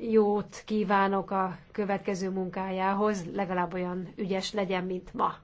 jót kívánok a következő munkájához, legalább olyan ügyes legyen, mint ma.